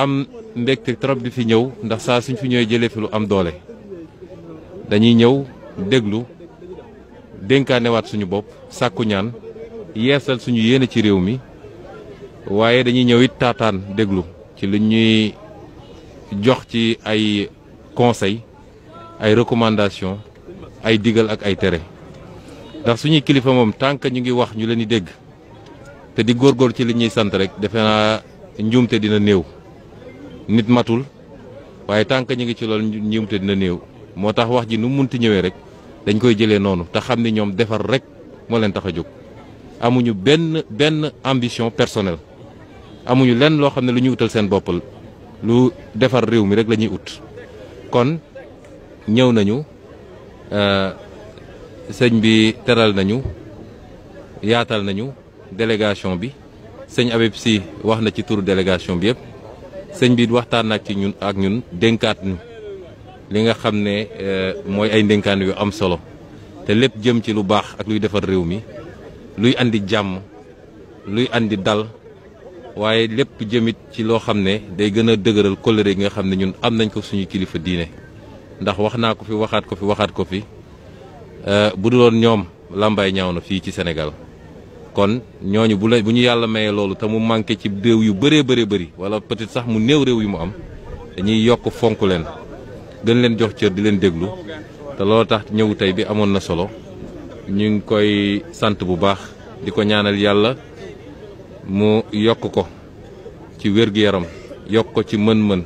am mbekté trop di fi ñew ndax sa suñ fi ñëwee jëlé fi lu am doolé dañuy ñëw déglu dénkaanewaat suñu bop sakku ñaan yéssal suñu yéene ci réew mi waaye dañuy ñew it taataan déglu ci lu ñuy jox ci ay conseil ay recommandation ay digal ak ay téré ndax suñu kilifa mom tank ñu ngi wax ñu leen di dégg té di gor ci li ñuy sant rek défé na njuumte dina néew nit matul waaye tant que ñu ngi ci loolu njuumte dina néew moo tax wax ji nu munti ñëwee rek dañ koy jëlee noonu te xam ni ñoom defar rek moo leen tax a jóg amuñu benn benn ambition personnelle amuñu lenn loo xam ne lu ñuy utal seen boppal lu defar réew mi rek lañuy ut kon ñëw nañu euh, sëñ bi teral nañu yaatal nañu délégation bi sëñ Habib Sy wax na ci turu délégation bi yëpp sëñ bi waxtaan ak ci ñun ak ñun dénkaat ñu li nga xam ne euh, mooy ay ndénkaan yu am solo te lépp jëm ci lu baax ak luy defar réew mi luy andi jàmm luy indi dal waaye lépp jëmit ci loo xam ne day gën a dëgëral kóllëre yi nga xam ne ñun am nañ ko suñu kilifa diine ndax wax naa ko fi waxaat ko fi waxaat ko fi euh, bu duloon ñoom làmbaay ñaaw na fii ci Sénégal kon ñooñu bu la bu ñu yàlla mayee loolu te mu manké ci réew yu béré béré béré wala peut-être sax mu néw réew yu mu am dañuy yok fonku len gën len jox cër di len déglu te lolu tax tay bi amon na solo ñu ngi koy sante bu baax di ñaanal yalla mu yoko ko ci wér-gu-yaram yok ko ci mën-mën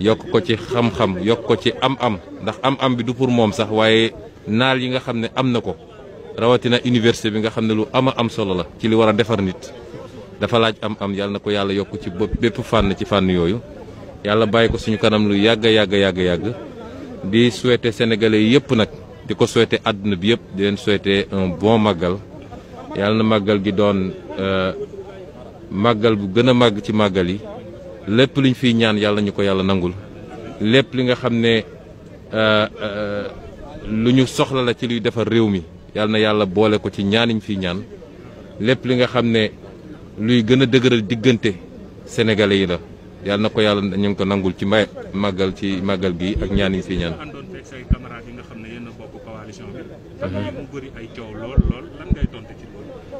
yok ko ci xam-xam yok ko ci am-am ndax am-am bi du pour moom sax waye naal yi nga rawatina université bi nga xam ne lu ama am solo la ci li war a defar nit dafa laaj am am yàlla na ko yàlla yokk ci bépp fànn ci fànn yooyu yàlla bàyyi ko suñu kanam lu yàgg yàgg yàgg yàgg di souhaiter sénégalais yëpp nag di ko souhaiter àdduna bi yëpp di leen souhaiter un bon màggal yàlla na màggal gi doon euh, màggal bu gën a màgg ci màggal yi lépp liñ fiy ñaan yàlla ñu ko yàlla nangul lépp li nga xam ne euh, euh, lu ñu soxla la ci luy defar réew mi yal na yàlla boole ko ci ñaaniñ fi ñaan lépp li nga xam ne luy gën a dëgëral diggante sénégalais yi la yal na ko yàlla ñu ngi ko nangul ci may màggal ci màggal gi ak ñaaniñ fi ñaan.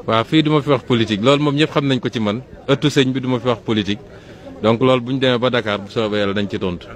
waaw fii du ma fi wax politique lool moom ñëpp xam nañ ko ci man ëttu sëñ bi duma fi wax politique donc loolu bu ñu demee ba dakaar bu soobee yàlla dañ ci tontu.